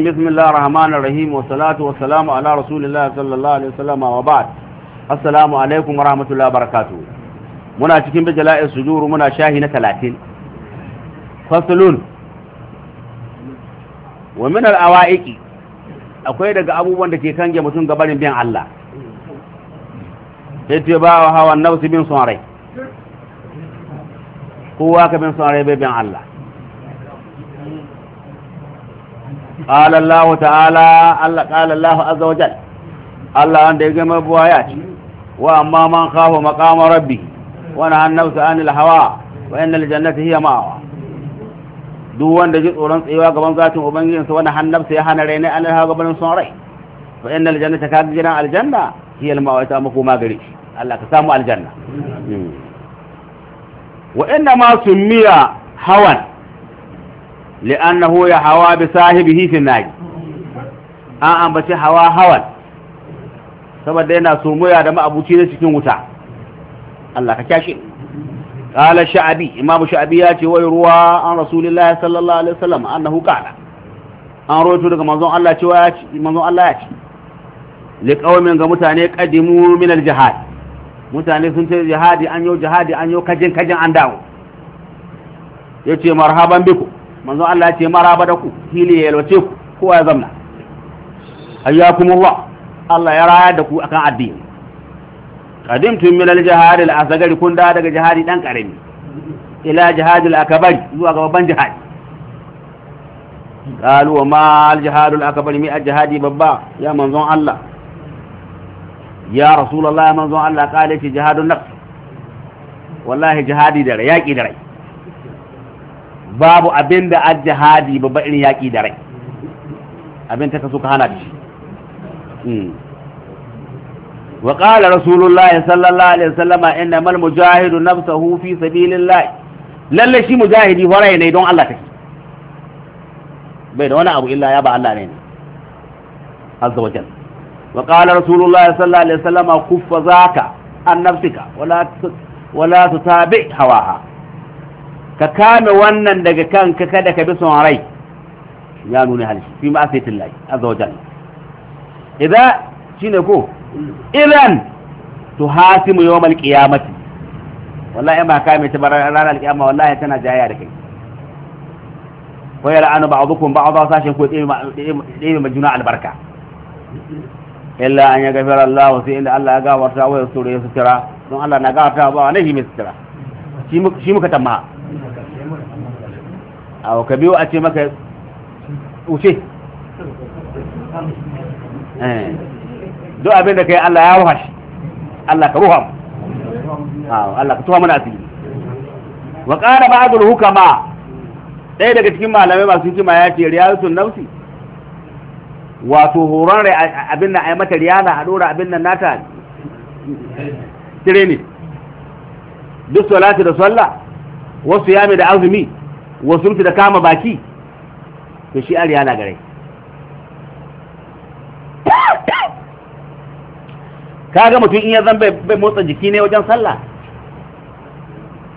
بسم الله الرحمن الرحيم والصلاة والسلام على رسول الله صلى الله عليه وسلم وبعد السلام عليكم ورحمة الله وبركاته منا cikin bijala'i sujuru muna shahi na 30 faslun wa min al-awa'iqi akwai daga abubuwan da ke kange mutum gabarin bin Allah yace ba hawa nafsi bin sunrai kowa ka bin sunrai bin Allah قال الله تعالى قال الله عز وجل الله وأما من خاف مقام ربه ونهى النفس عن وإن الجنة هي tsoron tsayewa gaban zatin ubangijinsa wani hannabsa ya hana rainai an alhawa hawan li'annahu ya hawa bi sahibihi fi nari an ambaci hawa hawan saboda yana sumuya da ma'abuci na cikin wuta Allah ka kyashi qala sha'abi imam sha'abi ya ce wai ruwa an rasulullahi sallallahu alaihi wasallam annahu qala an roto daga manzon Allah cewa ya ce manzon Allah ya ce li qaumin ga mutane qadimu min al jihad mutane sun ce jihadi an yo jihadi an yo kajin kajin an dawo yace marhaban biku manzon Allah ce maraba da ku hili ya yalwace ku kowa ya zamna hayyakumullah Allah ya raya da ku akan addini qadimtum min al-jihad al-asghar kun da daga jihadi dan karami ila jihad al-akbar zuwa ga babban jihadi qalu wa ma al-jihad al-akbar mi al babba ya manzon Allah ya rasulullah manzon Allah kale ce jihadun nafs wallahi jihadi da rai da rai babu abin da an jihadi babba irin yaƙi da rai abin ta kaso ka hana da shi hmm. wa qala rasulullahi sallallahu alaihi sallama wasallama innamal mujahidu hufi fi sabilillah lalle shi mujahidi horaye ne don Allah take bai da wani abu illa ya ba Allah ne azza wa jalla wa qala rasulullahi sallallahu alaihi wasallama kuffa zaka an nafsika wala wala tutabi hawaha ka kame wannan daga kanka kada ka bi son rai ya nuna halishi fi ma asaitin lai azza wa jalla idza shine ko idan tuhasimu yawmal qiyamati wallahi ma kame ta ranar qiyama wallahi tana jayya da kai wayar anu ba'dukum ba'dha sashin ko dai majuna albarka illa an yaghfira Allah sai illa Allah ya gafarta wa yasura yasura don Allah na gafarta ba wani shi mai sutura shi muka tamma awo ka biyo a ce maka wuce eh. duk abin da kai Allah ya ruha shi Allah ka ruha Allah ka tuha mana asiri wa ƙara qala ba'dul hukama ɗaya daga cikin malamai masu hikima ya ce riyasun nausi wato horon rai abin nan aimata mata riyana a ɗora abin nan nata tire ne duk salati da sallah wasu yami da azumi wasu da kama baki to shi ariya na gare kaga mutum in ya zan bai motsa jiki ne wajen sallah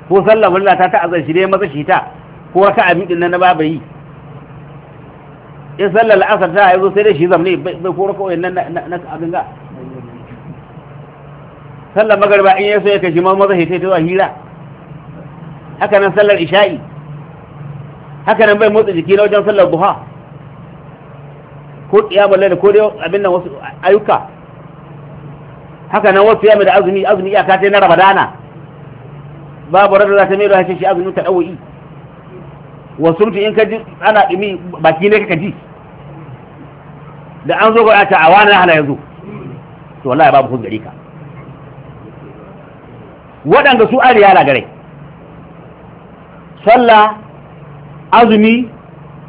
ko sallah wani ta ta azan shi ne maza shi ta ko wata abin din na babu yi in sallar la'asar ta yanzu sai dai shi zamne bai koro kawai na abin ga sallar magarba in yaso ya kashi maza shi ta zuwa hira haka nan sallar isha'i haka nan bai motsa jiki na wajen sallar duha ko balle da ko dai abin nan wasu ayyuka haka nan wasu yamma da azumi azumi iyaka ta na ramadana babu rada za ta mai rahashi shi azumin ta dawo'i wasu mutum in ka ji ana dumi baki ne ka ji da an zo gwada ta awana hana yanzu to wallahi babu kun gari ka waɗanda su ariya la gare sallah azumi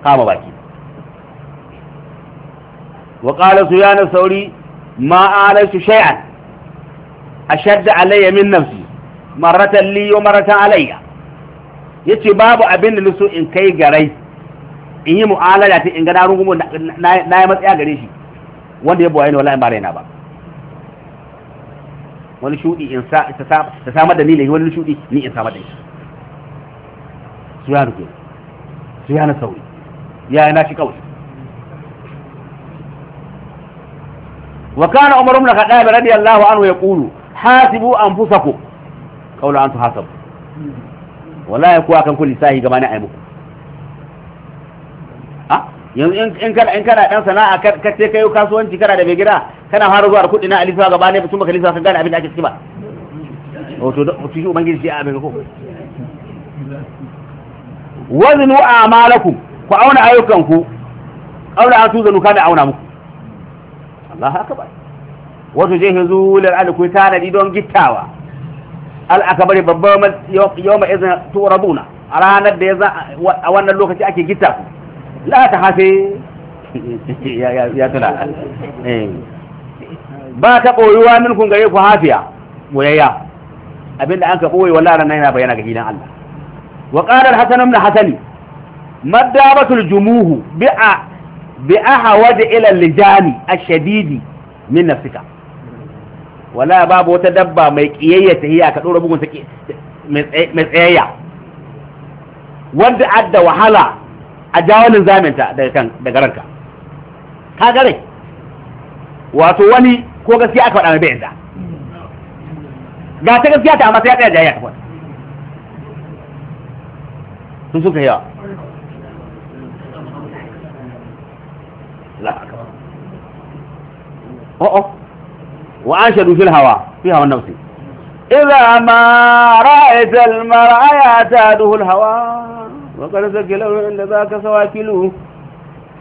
kama baki wa qala suyana sauri ma alaitu shay'an ashadda alayya min nafsi maratan li wa maratan alayya yace babu abin da nisu in kai garai in yi mu'amala ta in ga na rungumo na yi matsaya gare shi wanda ya ne wallahi ba raina ba wani shudi in sa ta samar da ni ne wani shudi ni in samar da shi su ya rubuta su yana sauri ya na shi kawai wa kana umar ibn khattab radiyallahu anhu yaqulu hasibu anfusakum qawla an tuhasabu wala yaku akan kulli sahi gaba ne ai muku ah yanzu in kana in kana dan sana'a ka sai kai kasuwanci kana da bai gida kana fara zuwa kudi na alifa gaba ne mutum baka lisa ka gane abin da ake ciki ba wato to shi ubangiji shi abin ko wazinu malakun ku auna ayyukanku aula an nuka da auna muku Allah ba wato je huzul al'ad ku tanadi don gittawa al akbari babban yawma idan turabuna a ranar da ya a wannan lokaci ake gitta ku la ta hafe ya tuna eh. ba ta koyuwa min gare ku hafiya boyayya abinda an ka boye wallahi ran yana bayyana ga gidan Allah وقال الحسن بن حسن ما دابة الجموه بأ بأحوج إلى اللجان الشديد من نفسك ولا باب وتدبى ميكيية هي كتورة بقون سكي مسئية wanda adda wahala a jawalin zaminta daga kan ka gare wato wani ko gaskiya aka bai yadda ga ta amma ya su suka لا o'o wa an في الهواء في هواء النفسي إذا ما رأيت المرأة تاده الهواء وقد سكله عند ذاك سواكله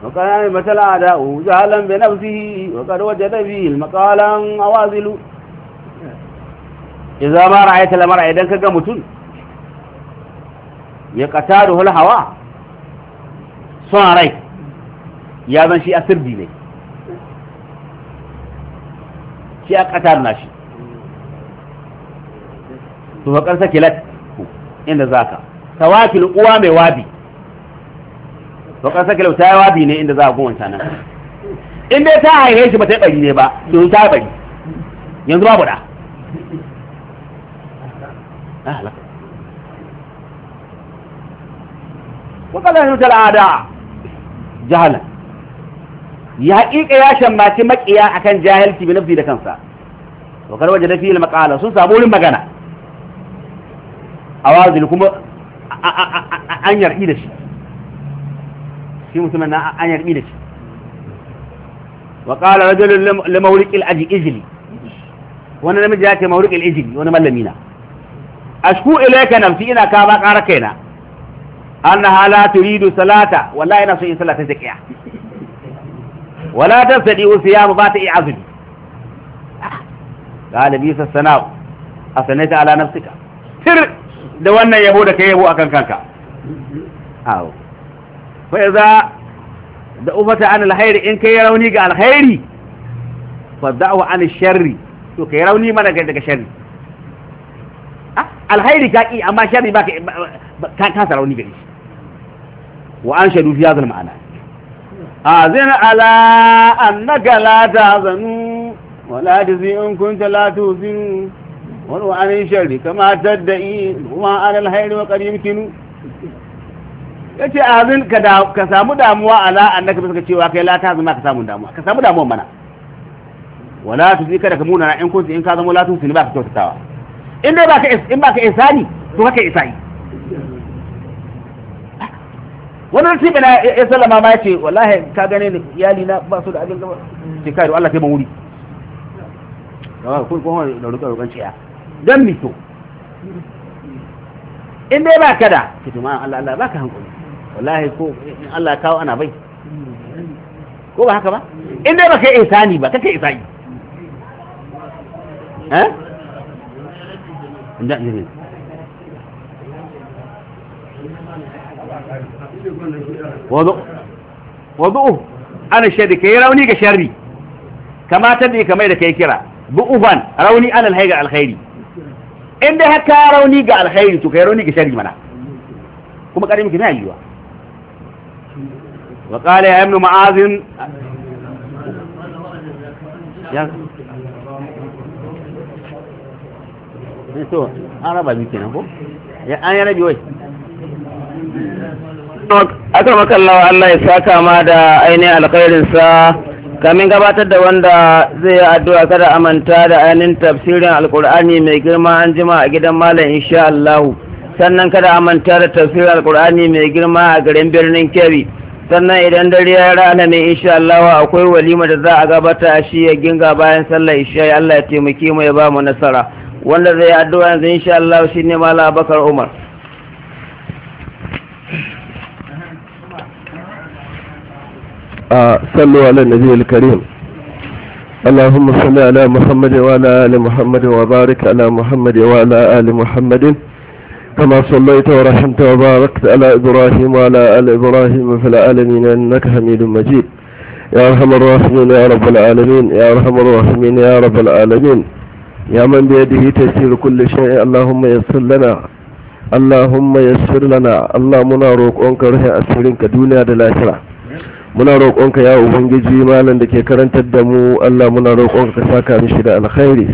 وقد مثل الأعداء جهلا بنفسه وقد وجد فيه المقالا أوازل إذا ما رأيت المرأة إذا كمتن ya ƙata da hawa son rai ya zan shi asirbi ne shi a ƙatar na shi su sake sakilat inda za ka tawakil uwa mai wabi faƙar sakilat ta yi wabi ne inda za a gowanta nan inda ta haihe shi ba ta yi ɓari ne ba to ta yi ɓari yanzu babu da لا يهلك الأعداء جهلا يا حقيقة يا شماتي مكيا أكن جاهلتي بنفسي لكنسا وقال وجد فيه المقالة سنسا أبول مغانا أواز لكم أن يرحي لشي في مسلمان أن يرحي لشي وقال رجل لمولك الأجلي وانا لم يجي مولك الأجلي وانا ملمينا أشكو إليك نفسي إنا كابا قاركينا annaha la turidu salata wallahi ina so in salata zakiya wala sadi usiyam ba ta azumi galibi sassana'u asanaita ala nafsika tir da wannan yabo da kai yabo akan kanka awo fa idza da ufata an alkhairi in kai rauni ga alkhairi fa da'u an sharri to kai rauni mana daga sharri alhairi ka ki amma sharri ba ka ka sarauni gari wa an shadu fi hadha ma'ana azina ala annaka la tazanu wa la tazi in kunta la tuzin wa an sharri kama tadai wa ala alhairi wa qad yumkinu yace azin ka da ka samu damuwa ala annaka bisa cewa kai la ma ka samu damuwa ka samu damuwa mana wala tuzika kada ka muna in kunta in ka zama la tuzin ba ka tautawa in dai baka in baka ihsani to kake isai wannan shi bana ya sallama ma yace wallahi ka gane ni iyali na ba su da abin gaba sai kai Allah kai ban wuri ku ko kuma da ruka rukan ciya ah, dan mi to in dai baka da ki to ma Allah Allah baka hankali wallahi ko in Allah kawo ana bai ko ba haka ba in dai baka ihsani ba kake isai eh لا جميل وضوء وضوء انا شادك يروني كشربي كما تدري كما يدك يكرا بؤفان روني انا الهيقة الخيري عند هكا روني قال الخيري تو كيروني كشربي منا كما قريمك ما ايوه وقال يا ابن معاذ يا so an raba biyu kenan ko an yi rabi wai aka makallawa Allah ya saka ma da ainihin alkhairinsa kamin gabatar da wanda zai yi addu'a kada amanta da ainihin tafsirin alkur'ani mai girma an jima a gidan malam insha Allah sannan kada amanta da tafsirin alkur'ani mai girma a garin birnin Kebbi sannan idan dare ya rana ne insha Allah akwai walima da za a gabata a shi ya ginga bayan sallar isha Allah ya taimake mu ya ba mu nasara wanda zai addu'a yanzu insha Allah shi ne mala bakar umar a sallu ala nabi al-karim اللهم صل على محمد وعلى آل محمد وبارك على محمد وعلى آل محمد كما صليت ورحمت وباركت على إبراهيم وعلى آل إبراهيم في العالمين إنك حميد مجيد يا أرحم الراحمين يا رب العالمين يا أرحم الراحمين يا رب العالمين يا من بيده تسير كل شيء اللهم يسر لنا اللهم يسر لنا الله منا روƙonka rufe asirinka duniya da lahira muna roƙonka ya ubangiji malam da ke karantar da mu Allah muna roƙonka ka saka mishi da alkhairi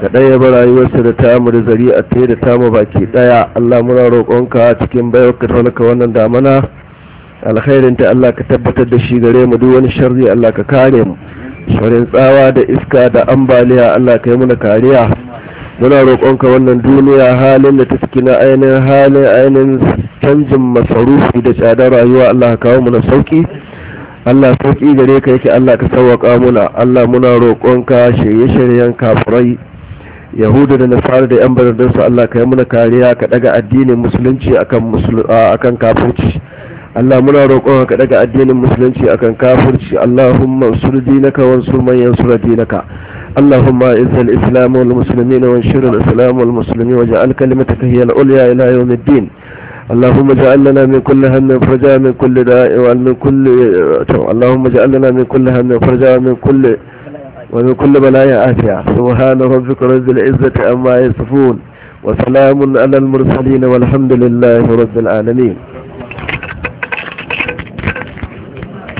ka ɗaya ba rayuwarsa da ta amur zari a ta da tamu baki ɗaya Allah muna roƙonka cikin bayar ka taunaka wannan damana alkhairin ta Allah ka tabbatar da shi gare mu duk wani sharri Allah ka kare mu shirin tsawa da iska da ambaliya Allah ka yi mana kariya muna roƙonka wannan duniya halin da ta na ainihin halin ainihin canjin masarufi da tsadar rayuwa Allah ka kawo mana sauki Allah sauki gare ka yake Allah ka sauwaƙa muna Allah muna roƙonka shirye-shiryen kafirai yahudu da nasara da yan baradansu Allah ka yi muna kariya ka daga addinin musulunci akan kafirci Allah muna roƙon ka daga addinin musulunci akan kafirci Allahumma usul dinaka wansur man yansur dinaka اللهم اعز الاسلام والمسلمين وانشر الاسلام والمسلمين واجعل كلمتك هي العليا الى يوم الدين اللهم اجعل لنا من كل هم فرجا من كل داء ومن كل اللهم اجعل لنا من كل هم فرجا من كل ومن كل بلايا آتية سبحان ربك رب العزة أما يصفون وسلام على المرسلين والحمد لله رب العالمين